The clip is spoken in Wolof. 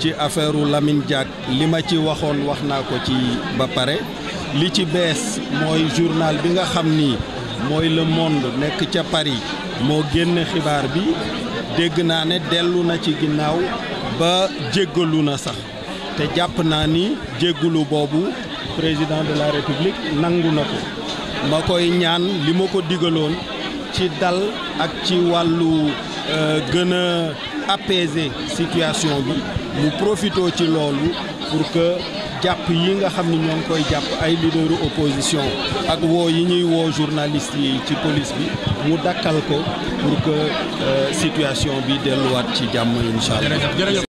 ci affaire Lamine Diack li ma ci waxoon wax naa ko ci ba pare li ci bees mooy journal bi nga xam ni mooy Le Monde nekk ca Paris moo génne xibaar bi dégg naa ne dellu na ci ginnaaw ba jéggalu na sax te jàpp naa ni jéggalu boobu président de la république nangu na ko ma koy ñaan li ma ko digaloon ci dal ak ci wàllu euh, gën a apaiser situation bi mu profitoo ci loolu pour que jàpp yi nga xam ni ñoo ngi koy jàpp ay leaderu opposition ak woo yi ñuy woo journaliste yi ci police bi mu dakkal ko pour que euh, situation bi delluwaat ci jàmm incha allah.